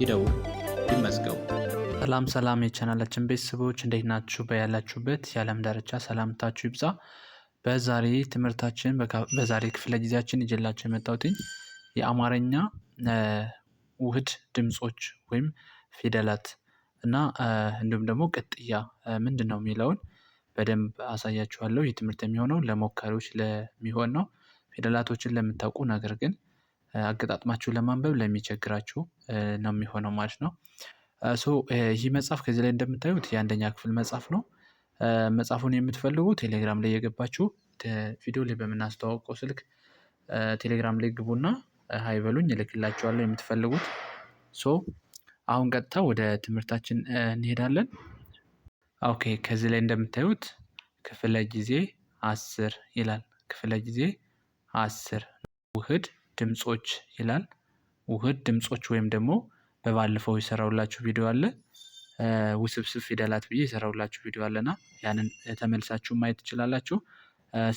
ይደውሉ፣ ይመዝገቡ። ሰላም ሰላም የቻናላችን ቤተሰቦች እንዴት ናችሁ? በያላችሁበት የዓለም ዳርቻ ሰላምታችሁ ይብዛ። በዛሬ ትምህርታችን በዛሬ ክፍለ ጊዜያችን ይዤላችሁ የመጣሁትኝ የአማርኛ ውህድ ድምፆች ወይም ፊደላት እና እንዲሁም ደግሞ ቅጥያ ምንድን ነው የሚለውን በደንብ አሳያችኋለሁ። ይህ ትምህርት የሚሆነው ለሞካሪዎች ለሚሆን ነው። ፊደላቶችን ለምታውቁ ነገር ግን አገጣጥማችሁ ለማንበብ ለሚቸግራችሁ ነው የሚሆነው ማለት ነው። ሶ ይህ መጽሐፍ ከዚህ ላይ እንደምታዩት የአንደኛ ክፍል መጽሐፍ ነው። መጽሐፉን የምትፈልጉ ቴሌግራም ላይ የገባችሁ ቪዲዮ ላይ በምናስተዋውቀው ስልክ ቴሌግራም ላይ ግቡና ሀይ በሉኝ እልክላችኋለሁ የምትፈልጉት። ሶ አሁን ቀጥታ ወደ ትምህርታችን እንሄዳለን። ኦኬ ከዚህ ላይ እንደምታዩት ክፍለ ጊዜ አስር ይላል። ክፍለ ጊዜ አስር ውህድ ድምጾች ይላል። ውህድ ድምጾች ወይም ደግሞ በባለፈው የሰራውላችሁ ቪዲዮ አለ ውስብስብ ፊደላት ብዬ የሰራውላችሁ ቪዲዮ አለና ያንን ተመልሳችሁ ማየት ትችላላችሁ።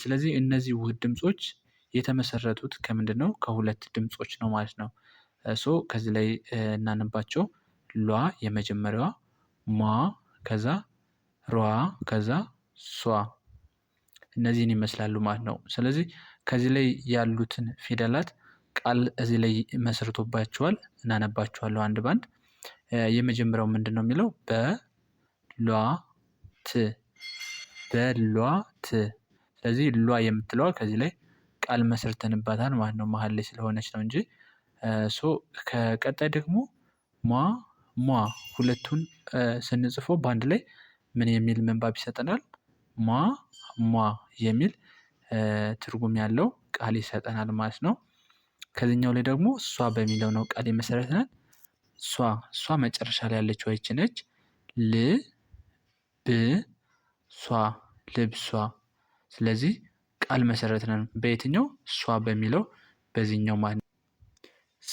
ስለዚህ እነዚህ ውህድ ድምጾች የተመሰረቱት ከምንድን ነው? ከሁለት ድምጾች ነው ማለት ነው። ሶ ከዚህ ላይ እናንባቸው። ሏ የመጀመሪያዋ፣ ሟ ከዛ ሯ ከዛ ሷ እነዚህን ይመስላሉ ማለት ነው። ስለዚህ ከዚህ ላይ ያሉትን ፊደላት ቃል እዚህ ላይ መስርቶባቸዋል። እናነባቸዋለሁ አንድ ባንድ። የመጀመሪያው ምንድን ነው የሚለው በሏት በሏት። ስለዚህ ሏ የምትለዋ ከዚህ ላይ ቃል መስርተንባታል ማለት ነው። መሀል ላይ ስለሆነች ነው እንጂ ሶ ከቀጣይ ደግሞ ሟ ሟ ሁለቱን ስንጽፎ በአንድ ላይ ምን የሚል ምንባብ ይሰጠናል? ሟ ሟ የሚል ትርጉም ያለው ቃል ይሰጠናል ማለት ነው። ከዚኛው ላይ ደግሞ እሷ በሚለው ነው ቃል የመሰረት ነን። እሷ እሷ መጨረሻ ላይ ያለች ይች ነች። ል ብ ሷ ልብሷ። ስለዚህ ቃል መሰረት ነን በየትኛው እሷ በሚለው በዚህኛው ማለት ነው።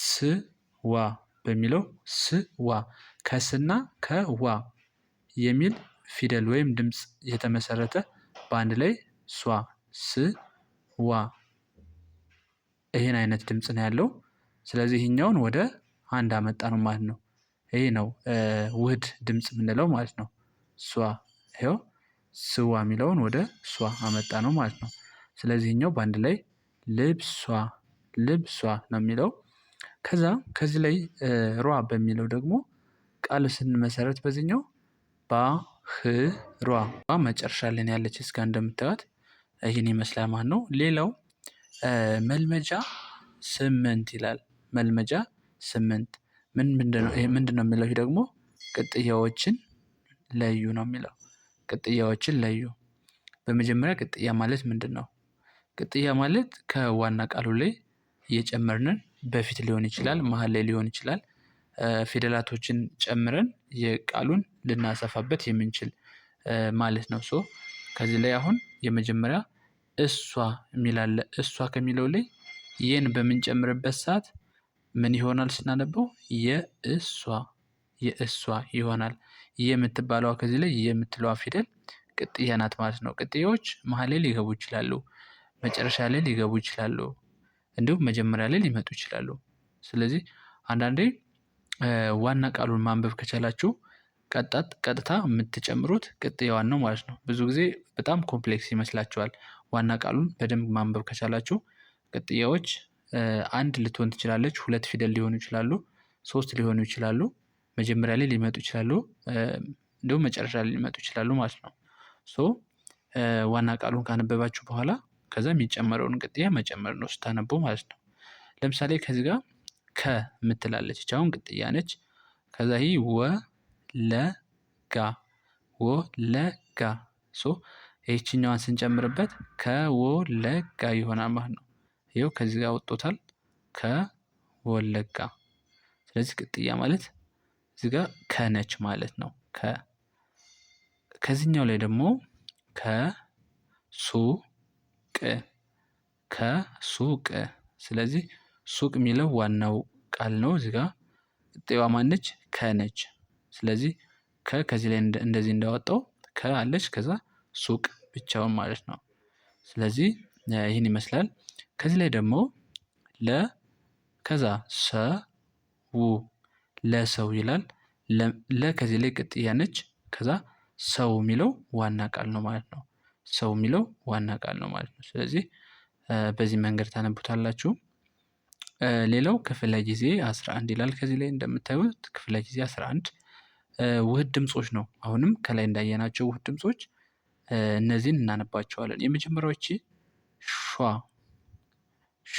ስ ዋ በሚለው ስ ዋ ከስና ከዋ የሚል ፊደል ወይም ድምፅ የተመሰረተ በአንድ ላይ ሷ ስ ዋ ይህን አይነት ድምፅ ነው ያለው። ስለዚህ ይህኛውን ወደ አንድ አመጣ ነው ማለት ነው። ይሄ ነው ውህድ ድምጽ የምንለው ማለት ነው። ሷ ይሄው ስዋ የሚለውን ወደ ሷ አመጣ ነው ማለት ነው። ስለዚህ በአንድ ላይ ልብሷ ልብሷ ነው የሚለው። ከዛ ከዚህ ላይ ሯ በሚለው ደግሞ ቃል ስንመሰረት በዚህኛው ባህሯ መጨረሻ ላይ ያለች እስጋ እንደምታዩት ይህን ይመስላል ማለት ነው። ሌላው መልመጃ ስምንት ይላል መልመጃ ስምንት ምንድን ነው ይሄ የሚለው ደግሞ ቅጥያዎችን ለዩ ነው የሚለው ቅጥያዎችን ለዩ። በመጀመሪያ ቅጥያ ማለት ነው? ቅጥያ ማለት ከዋና ቃሉ ላይ እየጨመርንን በፊት ሊሆን ይችላል መሀል ላይ ሊሆን ይችላል ፊደላቶችን ጨምረን የቃሉን ልናሰፋበት የምንችል ማለት ነው። ሶ ከዚህ ላይ አሁን የመጀመሪያ እሷ የሚላለ እሷ ከሚለው ላይ ይህን በምንጨምርበት ሰዓት ምን ይሆናል ስናነበው የእሷ የእሷ ይሆናል። የምትባለዋ ከዚህ ላይ የምትለዋ ፊደል ቅጥያ ናት ማለት ነው። ቅጥያዎች መሀል ላይ ሊገቡ ይችላሉ፣ መጨረሻ ላይ ሊገቡ ይችላሉ፣ እንዲሁም መጀመሪያ ላይ ሊመጡ ይችላሉ። ስለዚህ አንዳንዴ ዋና ቃሉን ማንበብ ከቻላችሁ ቀጣት ቀጥታ የምትጨምሩት ቅጥያዋን ነው ማለት ነው። ብዙ ጊዜ በጣም ኮምፕሌክስ ይመስላችኋል። ዋና ቃሉን በደንብ ማንበብ ከቻላችሁ ቅጥያዎች አንድ ልትሆን ትችላለች፣ ሁለት ፊደል ሊሆኑ ይችላሉ፣ ሶስት ሊሆኑ ይችላሉ፣ መጀመሪያ ላይ ሊመጡ ይችላሉ፣ እንዲሁም መጨረሻ ላይ ሊመጡ ይችላሉ ማለት ነው። ሶ ዋና ቃሉን ካነበባችሁ በኋላ ከዛ የሚጨመረውን ቅጥያ መጨመር ነው ስታነቡ ማለት ነው። ለምሳሌ ከዚህ ጋር ከ የምትላለች አሁን ቅጥያ ነች። ከዛ ይህ ለ ጋ ሶ ይህችኛዋን ስንጨምርበት ከወለጋ ይሆናል ማለት ነው። ይኸው ከዚህ ጋር ወጥቶታል ከወለጋ። ስለዚህ ቅጥያ ማለት እዚህ ጋር ከነች ማለት ነው። ከ ከዚህኛው ላይ ደግሞ ከሱቅ ከሱቅ። ስለዚህ ሱቅ የሚለው ዋናው ቃል ነው። እዚህ ጋር ቅጥያዋ ማነች? ከነች። ስለዚህ ከ ከዚህ ላይ እንደዚህ እንዳወጣው ከ አለች ከዛ ሱቅ ብቻውን ማለት ነው። ስለዚህ ይህን ይመስላል። ከዚህ ላይ ደግሞ ለ ከዛ ሰ ው ለሰው ይላል። ለ ከዚህ ላይ ቅጥያ ነች። ከዛ ሰው የሚለው ዋና ቃል ነው ማለት ነው። ሰው የሚለው ዋና ቃል ነው ማለት ነው። ስለዚህ በዚህ መንገድ ታነቡታላችሁ። ሌላው ክፍለ ጊዜ 11 ይላል። ከዚህ ላይ እንደምታዩት ክፍለ ጊዜ አንድ ውህድ ድምጾች ነው። አሁንም ከላይ እንዳየናቸው ውህድ ድምጾች እነዚህን እናነባቸዋለን። የመጀመሪያዎች ሿ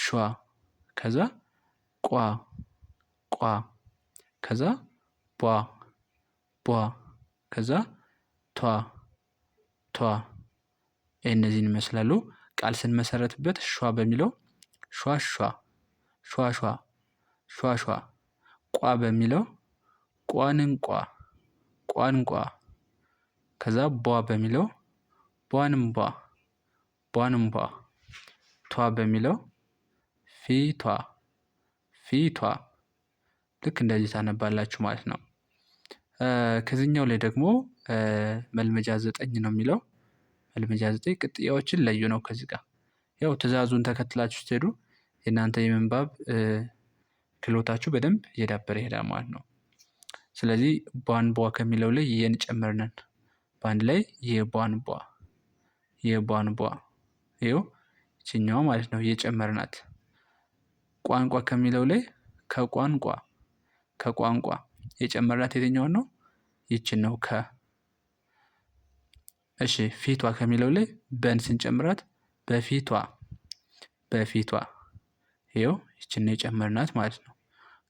ሿ ከዛ ቋ ቋ ከዛ ቧ ቧ ከዛ ቷ ቷ እነዚህን ይመስላሉ። ቃል ስንመሰረትበት ሿ በሚለው ሿ ሿ ሿ ሿ ሿ ሿ ቋ በሚለው ቋንንቋ ቋንቋ ከዛ ቧ በሚለው ቧንቧ ቧንቧ ቷ በሚለው ፊቷ ፊቷ ልክ እንደዚህ ታነባላችሁ ማለት ነው። ከዚህኛው ላይ ደግሞ መልመጃ ዘጠኝ ነው የሚለው መልመጃ ዘጠኝ ቅጥያዎችን ለዩ ነው። ከዚህ ጋር ያው ትዕዛዙን ተከትላችሁ ስትሄዱ የእናንተ የመንባብ ክህሎታችሁ በደንብ እየዳበረ ይሄዳል ማለት ነው። ስለዚህ ቧንቧ ከሚለው ላይ የን ጨምርነን በአንድ ላይ የቧንቧ የቧንቧ ይው ይችኛዋ ማለት ነው እየጨመርናት ቋንቋ ከሚለው ላይ ከቋንቋ ከቋንቋ የጨመርናት የትኛውን ነው? ይችን ነው ከ እሺ ፊቷ ከሚለው ላይ በን ስንጨምራት በፊቷ በፊቷ ይው ይችን ነው የጨመርናት ማለት ነው።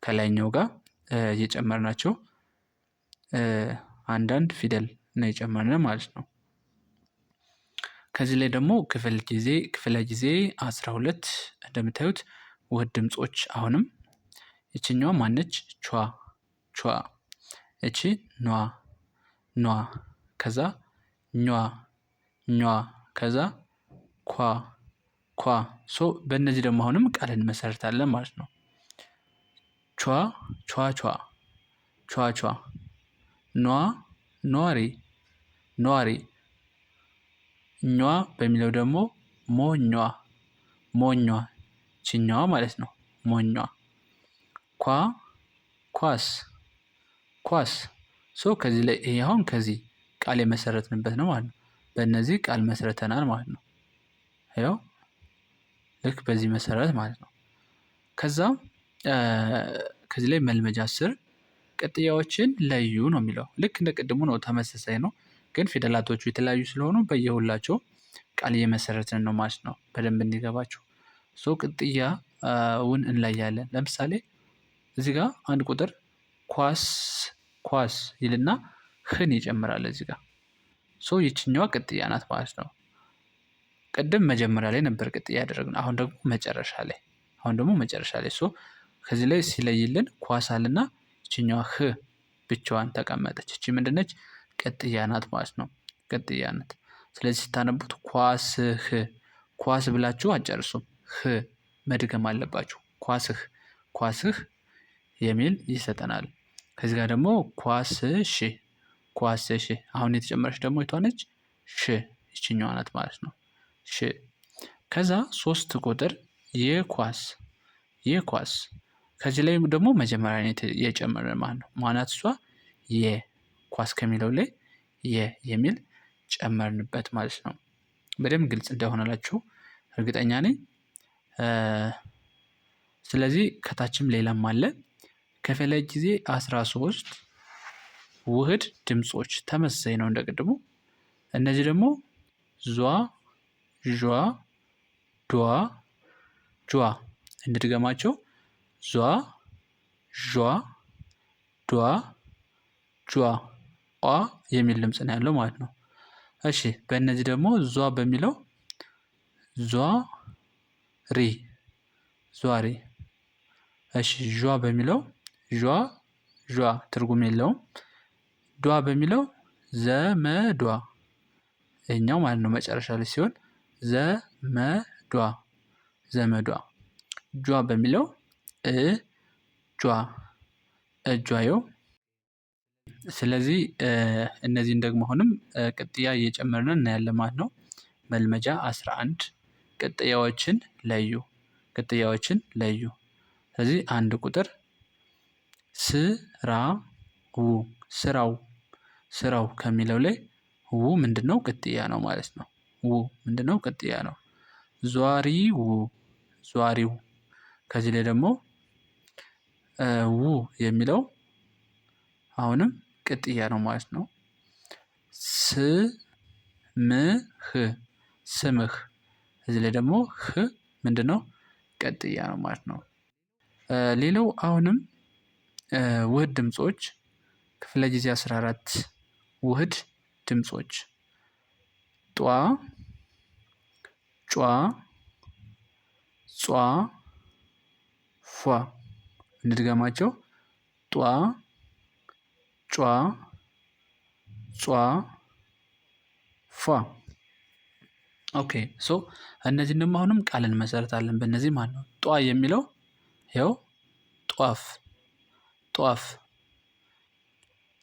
ከላይኛው ጋር የጨመርናቸው አንዳንድ ፊደል ነው የጨመርነ ማለት ነው። ከዚህ ላይ ደግሞ ክፍል ጊዜ ክፍለ ጊዜ 12 እንደምታዩት ውህድ ድምጾች አሁንም እችኛዋ ማነች? ቿ ቿ እቺ ኗ ኗ ከዛ ኟ ኟ ከዛ ኳ ኳ ሶ በእነዚህ ደግሞ አሁንም ቃል እንመሰርታለን ማለት ነው። ቿ ቿ ቿ ቿ ቿ ኗ ኗሪ ኗሪ ኛ በሚለው ደግሞ ሞኛ ሞኛ ችኛዋ ማለት ነው። ሞኛ ኳ ኳስ ኳስ ሶ ከዚህ ላይ ይሄ አሁን ከዚህ ቃል የመሰረትንበት ነው ማለት ነው። በእነዚህ ቃል መስረተናል ማለት ነው። ያው ልክ በዚህ መሰረት ማለት ነው። ከዛ ከዚህ ላይ መልመጃ ስር ቅጥያዎችን ለዩ ነው የሚለው ልክ እንደ ቅድሙ ነው። ተመሳሳይ ነው። ግን ፊደላቶቹ የተለያዩ ስለሆኑ በየሁላቸው ቃል እየመሰረትን ነው ማለት ነው። በደንብ እንዲገባቸው ሰው ቅጥያውን እንለያለን። ለምሳሌ እዚህ ጋ አንድ ቁጥር ኳስ ኳስ ይልና ህን ይጨምራል እዚህ ጋ ሰው ይችኛዋ ቅጥያ ናት ማለት ነው። ቅድም መጀመሪያ ላይ ነበር ቅጥያ ያደረግነው። አሁን ደግሞ መጨረሻ ላይ አሁን ደግሞ መጨረሻ ላይ ሶ ከዚህ ላይ ሲለይልን ኳሳልና ይችኛዋ ህ ብቻዋን ተቀመጠች። እቺ ምንድነች? ቅጥያ ናት ማለት ነው። ቅጥያ ናት። ስለዚህ ስታነቡት ኳስህ ኳስ ብላችሁ አጨርሱም። ህ መድገም አለባችሁ። ኳስህ ኳስህ የሚል ይሰጠናል። ከዚህ ጋር ደግሞ ኳስሽ ኳስሽ። አሁን የተጨመረች ደግሞ የተዋነች ሽ ይችኛዋ ናት ማለት ነው። ሽ ከዛ ሶስት ቁጥር የኳስ የኳስ ከዚህ ላይ ደግሞ መጀመሪያ የጨመረ ማለት ነው። ማናት እሷ የ ኳስ ከሚለው ላይ የ የሚል ጨመርንበት ማለት ነው። በደንብ ግልጽ እንደሆነላችሁ እርግጠኛ ነኝ። ስለዚህ ከታችም ሌላም አለ። ከፈለግ ጊዜ አስራ ሶስት ውህድ ድምፆች ተመሳሳይ ነው እንደቅድሙ እነዚህ ደግሞ ዟ፣ ዣ፣ ዷ፣ ጇ እንድድገማቸው ዟ፣ ዣ፣ ዷ፣ ጇ ቋ የሚል ድምፅ ነው ያለው ማለት ነው። እሺ በእነዚህ ደግሞ ዟ በሚለው ዟ ሪ ዟሪ። እሺ ዟ በሚለው ዟ ዟ ትርጉም የለውም። ዷ በሚለው ዘመዷ ይህኛው ማለት ነው መጨረሻ ላይ ሲሆን ዘመዷ ዘመዷ። ጇ በሚለው እ ጇ የው። ስለዚህ እነዚህን ደግሞ አሁንም ቅጥያ እየጨመርን እናያለን ማለት ነው። መልመጃ 11 ቅጥያዎችን ለዩ ቅጥያዎችን ለዩ። ስለዚህ አንድ ቁጥር ው ስራው ስራው ከሚለው ላይ ው ምንድነው ቅጥያ ነው ማለት ነው። ው ምንድነው ቅጥያ ነው። ው ዟሪው ከዚህ ላይ ደግሞ ው የሚለው አሁንም ቅጥያ ነው ማለት ነው። ስምህ ስምህ እዚህ ላይ ደግሞ ህ ምንድን ነው? ቀጥያ ነው ማለት ነው። ሌላው አሁንም ውህድ ድምፆች ክፍለ ጊዜ 14 ውህድ ድምፆች ጧ፣ ጯ፣ ጿ፣ ፏ እንድገማቸው ጧ ጯ ጿ ፏ ኦኬ ሶ እነዚህን ደግሞ አሁንም ቃል እንመሰረታለን በእነዚህ ማለት ነው። ጧ የሚለው ይኸው ጧፍ ጧፍ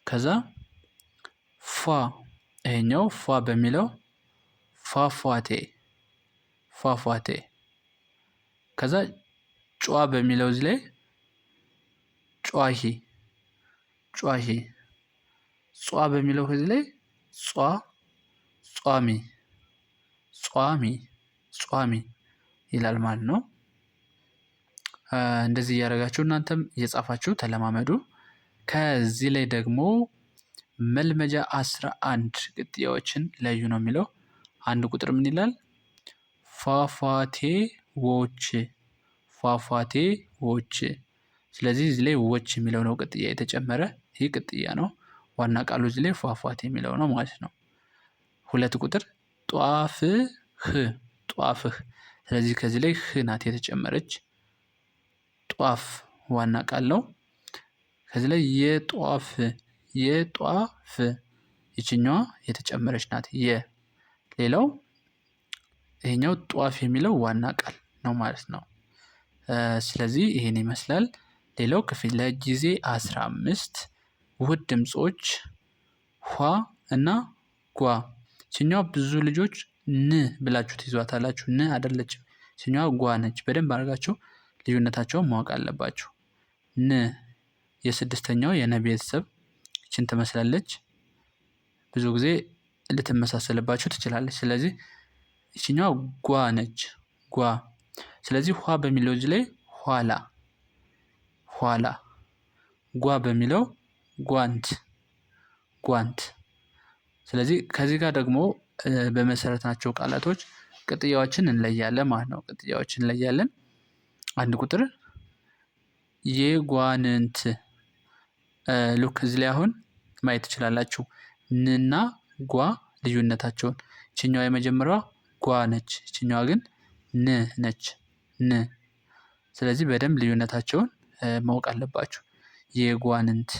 ከዛ ፏ ይሄኛው ፏ በሚለው ፏፏቴ ፏፏቴ ከዛ ጯ በሚለው እዚህ ላይ ጯሂ ጯሂ ጿ በሚለው ከዚህ ላይ ጿ ጿሚ ጿሚ ጿሚ ይላል ማለት ነው። እንደዚህ እያደረጋችሁ እናንተም እየጻፋችሁ ተለማመዱ። ከዚህ ላይ ደግሞ መልመጃ አስራ አንድ ቅጥያዎችን ለዩ ነው የሚለው። አንድ ቁጥር ምን ይላል? ፏፏቴ ዎች ፏፏቴ ዎች። ስለዚህ እዚህ ላይ ዎች የሚለው ነው ቅጥያ የተጨመረ ይህ ቅጥያ ነው። ዋና ቃሉ እዚህ ላይ ፏፏት የሚለው ነው ማለት ነው። ሁለት ቁጥር ጧፍህ ጧፍህ። ስለዚህ ከዚህ ላይ ህ ናት የተጨመረች። ጧፍ ዋና ቃል ነው። ከዚህ ላይ የጧፍ የጧፍ ይችኛዋ የተጨመረች ናት የ። ሌላው ይሄኛው ጧፍ የሚለው ዋና ቃል ነው ማለት ነው። ስለዚህ ይሄን ይመስላል። ሌላው ክፍል ለጊዜ አስራ አምስት ውህድ ድምጾች ኋ እና ጓ። ሲኛዋ ብዙ ልጆች ን ብላችሁ ትይዟታላችሁ። ን አይደለችም። ሲኛዋ ጓ ነች። በደንብ አድርጋችሁ ልዩነታቸውን ማወቅ አለባችሁ። ን የስድስተኛው የነ ቤተሰብ ይችን ትመስላለች። ብዙ ጊዜ ልትመሳሰልባችሁ ትችላለች። ስለዚህ ይችኛዋ ጓ ነች። ጓ ስለዚህ ኋ በሚለው እጅ ላይ ኋላ ኋላ ጓ በሚለው ጓንት ጓንት። ስለዚህ ከዚህ ጋር ደግሞ በመሰረትናቸው ቃላቶች ቅጥያዎችን እንለያለን ማለት ነው። ቅጥያዎችን እንለያለን። አንድ ቁጥር የጓንንት ልክ እዚህ ላይ አሁን ማየት ትችላላችሁ። ንና ጓ ልዩነታቸውን ይችኛዋ የመጀመሪያዋ ጓ ነች፣ ይችኛዋ ግን ን ነች ን። ስለዚህ በደንብ ልዩነታቸውን ማወቅ አለባችሁ የጓንንት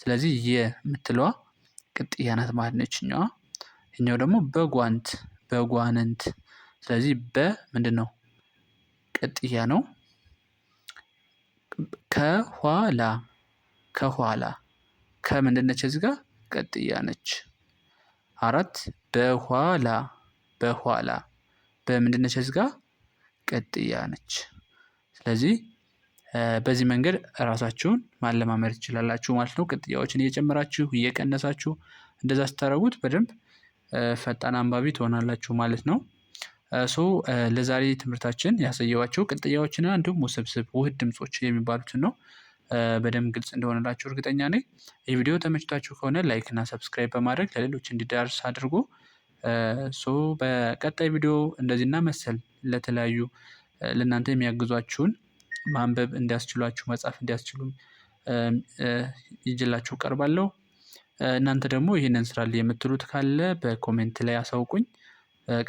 ስለዚህ የምትለዋ ቅጥያ ናት ማለት ነው። ይችኛዋ እኛው ደግሞ በጓንት በጓንንት ስለዚህ በ ምንድን ነው ቅጥያ ነው። ከኋላ ከኋላ ከምንድን ነች እዚህ ጋር ቅጥያ ነች። አራት በኋላ በኋላ በምንድን ነች እዚህ ጋር ቅጥያ ነች። ስለዚህ በዚህ መንገድ ራሳችሁን ማለማመድ ትችላላችሁ ማለት ነው። ቅጥያዎችን እየጨመራችሁ እየቀነሳችሁ እንደዛ ስታደረጉት በደንብ ፈጣን አንባቢ ትሆናላችሁ ማለት ነው። ሶ ለዛሬ ትምህርታችን ያሳየዋቸው ቅጥያዎችና እንዲሁም ውስብስብ ውህድ ድምፆች የሚባሉትን ነው። በደንብ ግልጽ እንደሆነላችሁ እርግጠኛ ነኝ። ይህ ቪዲዮ ተመችታችሁ ከሆነ ላይክ እና ሰብስክራይብ በማድረግ ለሌሎች እንዲዳርስ አድርጎ ሶ በቀጣይ ቪዲዮ እንደዚህና መሰል ለተለያዩ ለእናንተ የሚያግዟችሁን ማንበብ እንዲያስችሏችሁ መጻፍ እንዲያስችሉ ይጅላችሁ ቀርባለሁ። እናንተ ደግሞ ይህንን ስራ የምትሉት ካለ በኮሜንት ላይ አሳውቁኝ።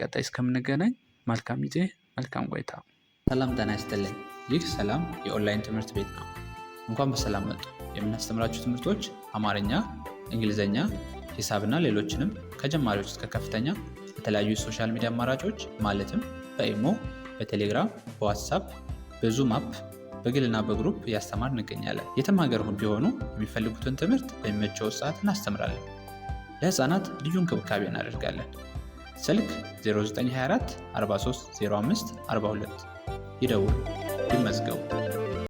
ቀጣይ እስከምንገናኝ መልካም ጊዜ፣ መልካም ቆይታ። ሰላም ጤና ይስጥልኝ። ይህ ሰላም የኦንላይን ትምህርት ቤት ነው። እንኳን በሰላም መጡ። የምናስተምራችሁ ትምህርቶች አማርኛ፣ እንግሊዝኛ፣ ሂሳብና ሌሎችንም ከጀማሪዎች እስከ ከፍተኛ በተለያዩ የሶሻል ሚዲያ አማራጮች ማለትም በኢሞ፣ በቴሌግራም፣ በዋትሳፕ በዙም አፕ በግልና በግሩፕ እያስተማር እንገኛለን። የትም ሀገር ቢሆኑ የሚፈልጉትን ትምህርት በሚመቸው ሰዓት እናስተምራለን። ለህፃናት ልዩ እንክብካቤ እናደርጋለን። ስልክ 0924 4305 42 ይደውሉ፣ ይመዝገቡ።